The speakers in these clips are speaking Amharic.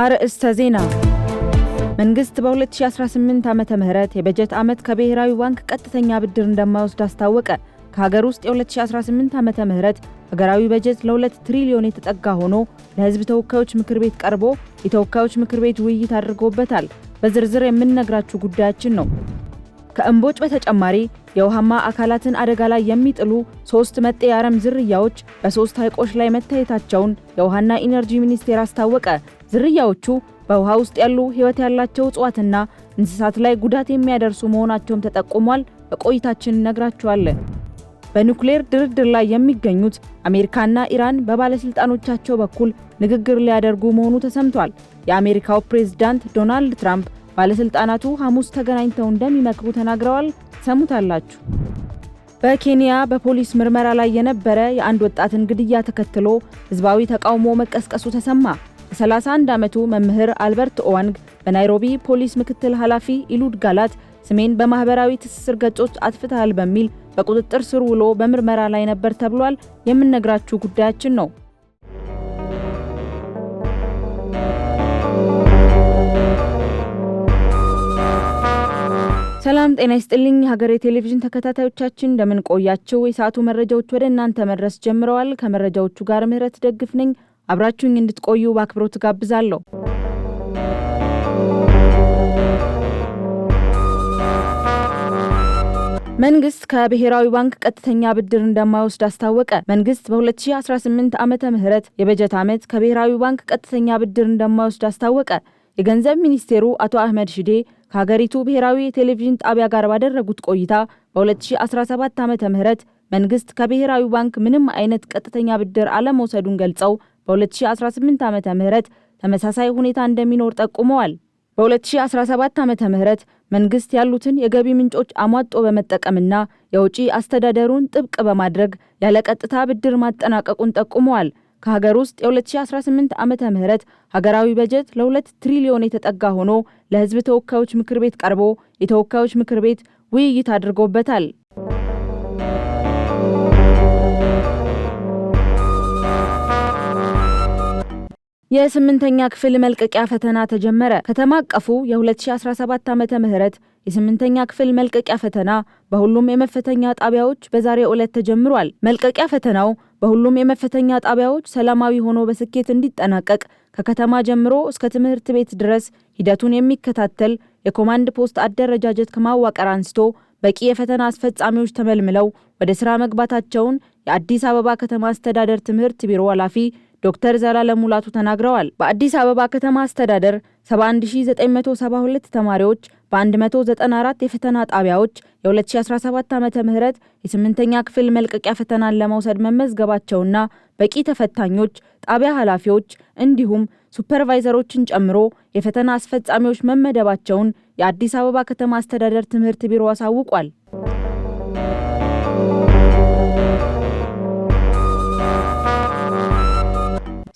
አርእስተ ዜና መንግስት በ2018 ዓ ም የበጀት ዓመት ከብሔራዊ ባንክ ቀጥተኛ ብድር እንደማይወስድ አስታወቀ። ከሀገር ውስጥ የ2018 ዓ ም ሀገራዊ በጀት ለ2 ትሪሊዮን የተጠጋ ሆኖ ለህዝብ ተወካዮች ምክር ቤት ቀርቦ የተወካዮች ምክር ቤት ውይይት አድርጎበታል። በዝርዝር የምንነግራችሁ ጉዳያችን ነው። ከእምቦጭ በተጨማሪ የውሃማ አካላትን አደጋ ላይ የሚጥሉ ሶስት መጤ የአረም ዝርያዎች በሶስት ሐይቆች ላይ መታየታቸውን የውሃና ኢነርጂ ሚኒስቴር አስታወቀ። ዝርያዎቹ በውሃ ውስጥ ያሉ ሕይወት ያላቸው እጽዋትና እንስሳት ላይ ጉዳት የሚያደርሱ መሆናቸውም ተጠቁሟል። በቆይታችን እነግራችኋለን። በኒውክሌር ድርድር ላይ የሚገኙት አሜሪካና ኢራን በባለሥልጣኖቻቸው በኩል ንግግር ሊያደርጉ መሆኑ ተሰምቷል። የአሜሪካው ፕሬዝዳንት ዶናልድ ትራምፕ ባለስልጣናቱ ሐሙስ ተገናኝተው እንደሚመክሩ ተናግረዋል። ሰሙታላችሁ። በኬንያ በፖሊስ ምርመራ ላይ የነበረ የአንድ ወጣትን ግድያ ተከትሎ ህዝባዊ ተቃውሞ መቀስቀሱ ተሰማ። የ31 ዓመቱ መምህር አልበርት ኦዋንግ በናይሮቢ ፖሊስ ምክትል ኃላፊ ኢሉድ ጋላት ስሜን በማህበራዊ ትስስር ገጾች አጥፍተሃል በሚል በቁጥጥር ስር ውሎ በምርመራ ላይ ነበር ተብሏል። የምነግራችሁ ጉዳያችን ነው። ሰላም ጤና ይስጥልኝ ሀገሬ ቴሌቪዥን ተከታታዮቻችን እንደምን ቆያችሁ? የሰዓቱ መረጃዎች ወደ እናንተ መድረስ ጀምረዋል። ከመረጃዎቹ ጋር ምህረት ደግፍ ነኝ። አብራችሁኝ እንድትቆዩ በአክብሮት ጋብዛለሁ። መንግስት ከብሔራዊ ባንክ ቀጥተኛ ብድር እንደማይወስድ አስታወቀ። መንግስት በ2018 ዓመተ ምህረት የበጀት ዓመት ከብሔራዊ ባንክ ቀጥተኛ ብድር እንደማይወስድ አስታወቀ። የገንዘብ ሚኒስቴሩ አቶ አህመድ ሽዴ ከሀገሪቱ ብሔራዊ የቴሌቪዥን ጣቢያ ጋር ባደረጉት ቆይታ በ2017 ዓ ም መንግስት ከብሔራዊ ባንክ ምንም አይነት ቀጥተኛ ብድር አለመውሰዱን ገልጸው በ2018 ዓ ም ተመሳሳይ ሁኔታ እንደሚኖር ጠቁመዋል። በ2017 ዓ ም መንግስት ያሉትን የገቢ ምንጮች አሟጦ በመጠቀምና የውጪ አስተዳደሩን ጥብቅ በማድረግ ያለ ቀጥታ ብድር ማጠናቀቁን ጠቁመዋል። ከሀገር ውስጥ የ2018 ዓመተ ምህረት ሀገራዊ በጀት ለሁለት ትሪሊዮን የተጠጋ ሆኖ ለሕዝብ ተወካዮች ምክር ቤት ቀርቦ የተወካዮች ምክር ቤት ውይይት አድርጎበታል። የስምንተኛ ክፍል መልቀቂያ ፈተና ተጀመረ። ከተማ አቀፉ የ2017 ዓመተ ምህረት የስምንተኛ ክፍል መልቀቂያ ፈተና በሁሉም የመፈተኛ ጣቢያዎች በዛሬው ዕለት ተጀምሯል። መልቀቂያ ፈተናው በሁሉም የመፈተኛ ጣቢያዎች ሰላማዊ ሆኖ በስኬት እንዲጠናቀቅ ከከተማ ጀምሮ እስከ ትምህርት ቤት ድረስ ሂደቱን የሚከታተል የኮማንድ ፖስት አደረጃጀት ከማዋቀር አንስቶ በቂ የፈተና አስፈጻሚዎች ተመልምለው ወደ ስራ መግባታቸውን የአዲስ አበባ ከተማ አስተዳደር ትምህርት ቢሮ ኃላፊ ዶክተር ዘላለ ሙላቱ ተናግረዋል። በአዲስ አበባ ከተማ አስተዳደር 71972 ተማሪዎች በ194 የፈተና ጣቢያዎች የ2017 ዓ ም የስምንተኛ ክፍል መልቀቂያ ፈተናን ለመውሰድ መመዝገባቸውና በቂ ተፈታኞች፣ ጣቢያ ኃላፊዎች እንዲሁም ሱፐርቫይዘሮችን ጨምሮ የፈተና አስፈጻሚዎች መመደባቸውን የአዲስ አበባ ከተማ አስተዳደር ትምህርት ቢሮ አሳውቋል።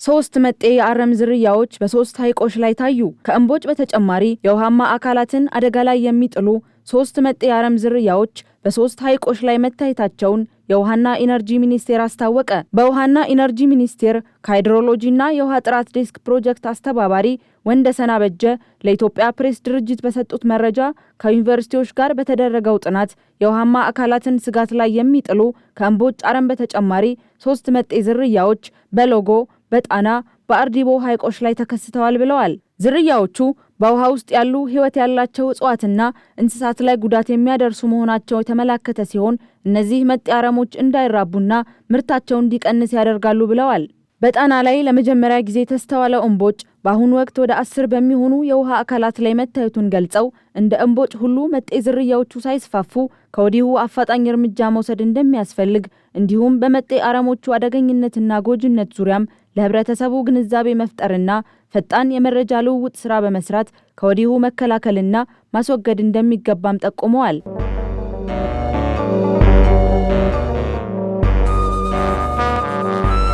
ሶስት መጤ የአረም ዝርያዎች በሶስት ሐይቆች ላይ ታዩ። ከእምቦጭ በተጨማሪ የውሃማ አካላትን አደጋ ላይ የሚጥሉ ሶስት መጤ የአረም ዝርያዎች በሶስት ሐይቆች ላይ መታየታቸውን የውሃና ኢነርጂ ሚኒስቴር አስታወቀ። በውሃና ኢነርጂ ሚኒስቴር ከሃይድሮሎጂና የውሃ ጥራት ዴስክ ፕሮጀክት አስተባባሪ ሰና በጀ ለኢትዮጵያ ፕሬስ ድርጅት በሰጡት መረጃ ከዩኒቨርሲቲዎች ጋር በተደረገው ጥናት የውሃማ አካላትን ስጋት ላይ የሚጥሉ ከእምቦጭ አረም በተጨማሪ ሶስት መጤ ዝርያዎች በሎጎ በጣና በአርዲቦ ሐይቆች ላይ ተከስተዋል ብለዋል። ዝርያዎቹ በውሃ ውስጥ ያሉ ሕይወት ያላቸው እጽዋትና እንስሳት ላይ ጉዳት የሚያደርሱ መሆናቸው የተመላከተ ሲሆን እነዚህ መጤ አረሞች እንዳይራቡና ምርታቸው እንዲቀንስ ያደርጋሉ ብለዋል። በጣና ላይ ለመጀመሪያ ጊዜ የተስተዋለው እምቦጭ በአሁኑ ወቅት ወደ አስር በሚሆኑ የውሃ አካላት ላይ መታየቱን ገልጸው እንደ እምቦጭ ሁሉ መጤ ዝርያዎቹ ሳይስፋፉ ከወዲሁ አፋጣኝ እርምጃ መውሰድ እንደሚያስፈልግ እንዲሁም በመጤ አረሞቹ አደገኝነትና ጎጂነት ዙሪያም ለህብረተሰቡ ግንዛቤ መፍጠርና ፈጣን የመረጃ ልውውጥ ስራ በመስራት ከወዲሁ መከላከልና ማስወገድ እንደሚገባም ጠቁመዋል።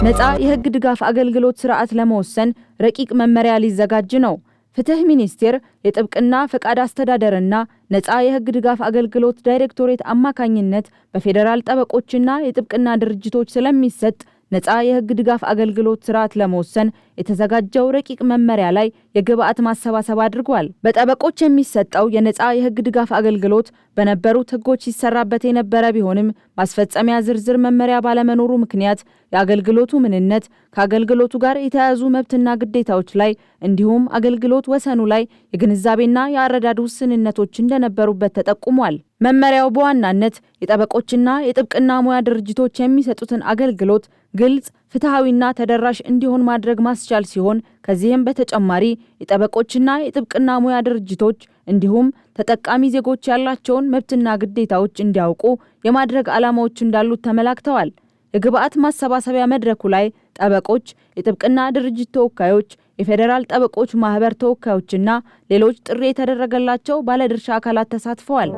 ነፃ የህግ ድጋፍ አገልግሎት ስርዓት ለመወሰን ረቂቅ መመሪያ ሊዘጋጅ ነው። ፍትህ ሚኒስቴር የጥብቅና ፈቃድ አስተዳደርና ነፃ የህግ ድጋፍ አገልግሎት ዳይሬክቶሬት አማካኝነት በፌዴራል ጠበቆችና የጥብቅና ድርጅቶች ስለሚሰጥ ነፃ የህግ ድጋፍ አገልግሎት ስርዓት ለመወሰን የተዘጋጀው ረቂቅ መመሪያ ላይ የግብአት ማሰባሰብ አድርጓል። በጠበቆች የሚሰጠው የነፃ የህግ ድጋፍ አገልግሎት በነበሩት ህጎች ሲሰራበት የነበረ ቢሆንም ማስፈጸሚያ ዝርዝር መመሪያ ባለመኖሩ ምክንያት የአገልግሎቱ ምንነት፣ ከአገልግሎቱ ጋር የተያያዙ መብትና ግዴታዎች ላይ እንዲሁም አገልግሎት ወሰኑ ላይ የግንዛቤና የአረዳድ ውስንነቶች እንደነበሩበት ተጠቁሟል። መመሪያው በዋናነት የጠበቆችና የጥብቅና ሙያ ድርጅቶች የሚሰጡትን አገልግሎት ግልጽ፣ ፍትሐዊና ተደራሽ እንዲሆን ማድረግ ማስቻል ሲሆን ከዚህም በተጨማሪ የጠበቆችና የጥብቅና ሙያ ድርጅቶች እንዲሁም ተጠቃሚ ዜጎች ያላቸውን መብትና ግዴታዎች እንዲያውቁ የማድረግ ዓላማዎች እንዳሉት ተመላክተዋል። የግብአት ማሰባሰቢያ መድረኩ ላይ ጠበቆች፣ የጥብቅና ድርጅት ተወካዮች፣ የፌዴራል ጠበቆች ማህበር ተወካዮችና ሌሎች ጥሪ የተደረገላቸው ባለድርሻ አካላት ተሳትፈዋል።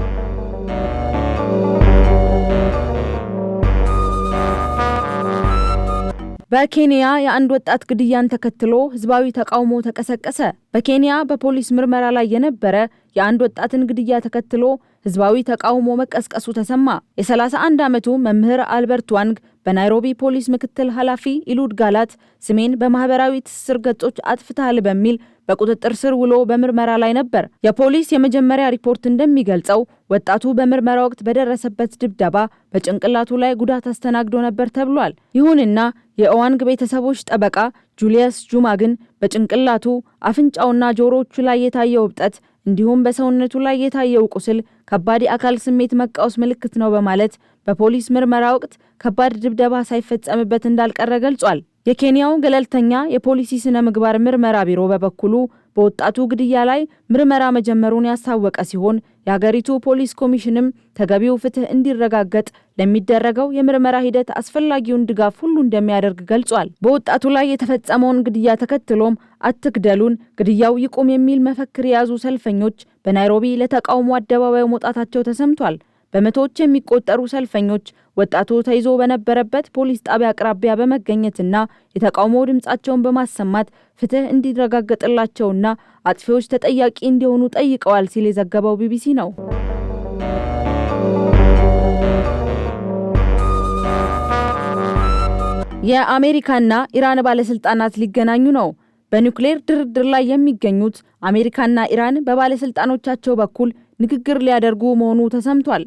በኬንያ የአንድ ወጣት ግድያን ተከትሎ ህዝባዊ ተቃውሞ ተቀሰቀሰ። በኬንያ በፖሊስ ምርመራ ላይ የነበረ የአንድ ወጣትን ግድያ ተከትሎ ህዝባዊ ተቃውሞ መቀስቀሱ ተሰማ። የ31 ዓመቱ መምህር አልበርት ዋንግ በናይሮቢ ፖሊስ ምክትል ኃላፊ ኢሉድ ጋላት ስሜን በማህበራዊ ትስስር ገጾች አጥፍታል በሚል በቁጥጥር ስር ውሎ በምርመራ ላይ ነበር። የፖሊስ የመጀመሪያ ሪፖርት እንደሚገልጸው ወጣቱ በምርመራ ወቅት በደረሰበት ድብደባ በጭንቅላቱ ላይ ጉዳት አስተናግዶ ነበር ተብሏል። ይሁንና የኦዋንግ ቤተሰቦች ጠበቃ ጁልየስ ጁማ ግን በጭንቅላቱ አፍንጫውና ጆሮዎቹ ላይ የታየው እብጠት እንዲሁም በሰውነቱ ላይ የታየው ቁስል ከባድ የአካል ስሜት መቃወስ ምልክት ነው በማለት በፖሊስ ምርመራ ወቅት ከባድ ድብደባ ሳይፈጸምበት እንዳልቀረ ገልጿል። የኬንያው ገለልተኛ የፖሊሲ ስነ ምግባር ምርመራ ቢሮ በበኩሉ በወጣቱ ግድያ ላይ ምርመራ መጀመሩን ያስታወቀ ሲሆን የአገሪቱ ፖሊስ ኮሚሽንም ተገቢው ፍትህ እንዲረጋገጥ ለሚደረገው የምርመራ ሂደት አስፈላጊውን ድጋፍ ሁሉ እንደሚያደርግ ገልጿል። በወጣቱ ላይ የተፈጸመውን ግድያ ተከትሎም አትግደሉን፣ ግድያው ይቁም የሚል መፈክር የያዙ ሰልፈኞች በናይሮቢ ለተቃውሞ አደባባይ መውጣታቸው ተሰምቷል። በመቶዎች የሚቆጠሩ ሰልፈኞች ወጣቱ ተይዞ በነበረበት ፖሊስ ጣቢያ አቅራቢያ በመገኘትና የተቃውሞ ድምፃቸውን በማሰማት ፍትህ እንዲረጋገጥላቸውና አጥፊዎች ተጠያቂ እንዲሆኑ ጠይቀዋል ሲል የዘገበው ቢቢሲ ነው። የአሜሪካና ኢራን ባለስልጣናት ሊገናኙ ነው። በኒውክሌር ድርድር ላይ የሚገኙት አሜሪካና ኢራን በባለስልጣኖቻቸው በኩል ንግግር ሊያደርጉ መሆኑ ተሰምቷል።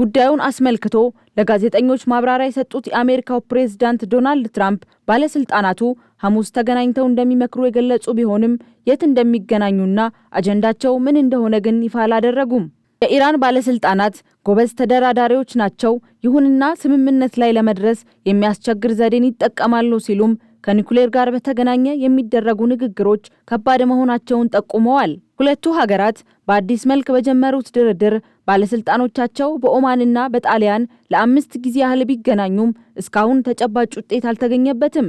ጉዳዩን አስመልክቶ ለጋዜጠኞች ማብራሪያ የሰጡት የአሜሪካው ፕሬዝዳንት ዶናልድ ትራምፕ ባለስልጣናቱ ሐሙስ ተገናኝተው እንደሚመክሩ የገለጹ ቢሆንም የት እንደሚገናኙና አጀንዳቸው ምን እንደሆነ ግን ይፋ አላደረጉም። የኢራን ባለስልጣናት ጎበዝ ተደራዳሪዎች ናቸው፣ ይሁንና ስምምነት ላይ ለመድረስ የሚያስቸግር ዘዴን ይጠቀማሉ ሲሉም ከኒኩሌር ጋር በተገናኘ የሚደረጉ ንግግሮች ከባድ መሆናቸውን ጠቁመዋል። ሁለቱ ሀገራት በአዲስ መልክ በጀመሩት ድርድር ባለስልጣኖቻቸው በኦማንና በጣሊያን ለአምስት ጊዜ ያህል ቢገናኙም እስካሁን ተጨባጭ ውጤት አልተገኘበትም።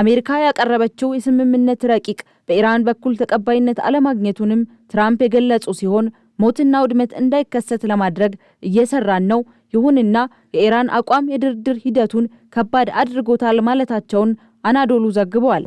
አሜሪካ ያቀረበችው የስምምነት ረቂቅ በኢራን በኩል ተቀባይነት አለማግኘቱንም ትራምፕ የገለጹ ሲሆን ሞትና ውድመት እንዳይከሰት ለማድረግ እየሰራን ነው፣ ይሁንና የኢራን አቋም የድርድር ሂደቱን ከባድ አድርጎታል ማለታቸውን አናዶሉ ዘግቧል።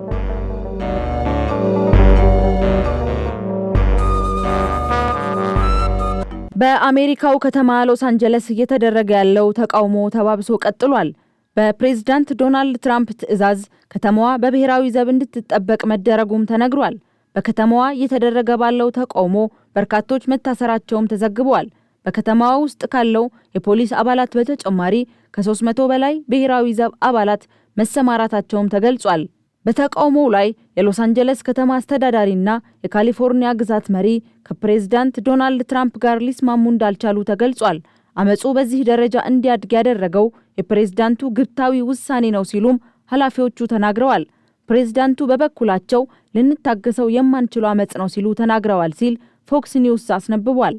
በአሜሪካው ከተማ ሎስ አንጀለስ እየተደረገ ያለው ተቃውሞ ተባብሶ ቀጥሏል። በፕሬዝዳንት ዶናልድ ትራምፕ ትዕዛዝ ከተማዋ በብሔራዊ ዘብ እንድትጠበቅ መደረጉም ተነግሯል። በከተማዋ እየተደረገ ባለው ተቃውሞ በርካቶች መታሰራቸውም ተዘግበዋል። በከተማዋ ውስጥ ካለው የፖሊስ አባላት በተጨማሪ ከ300 በላይ ብሔራዊ ዘብ አባላት መሰማራታቸውም ተገልጿል። በተቃውሞው ላይ የሎስ አንጀለስ ከተማ አስተዳዳሪና የካሊፎርኒያ ግዛት መሪ ከፕሬዝዳንት ዶናልድ ትራምፕ ጋር ሊስማሙ እንዳልቻሉ ተገልጿል። አመፁ በዚህ ደረጃ እንዲያድግ ያደረገው የፕሬዝዳንቱ ግብታዊ ውሳኔ ነው ሲሉም ኃላፊዎቹ ተናግረዋል። ፕሬዝዳንቱ በበኩላቸው ልንታገሰው የማንችለው አመፅ ነው ሲሉ ተናግረዋል ሲል ፎክስ ኒውስ አስነብቧል።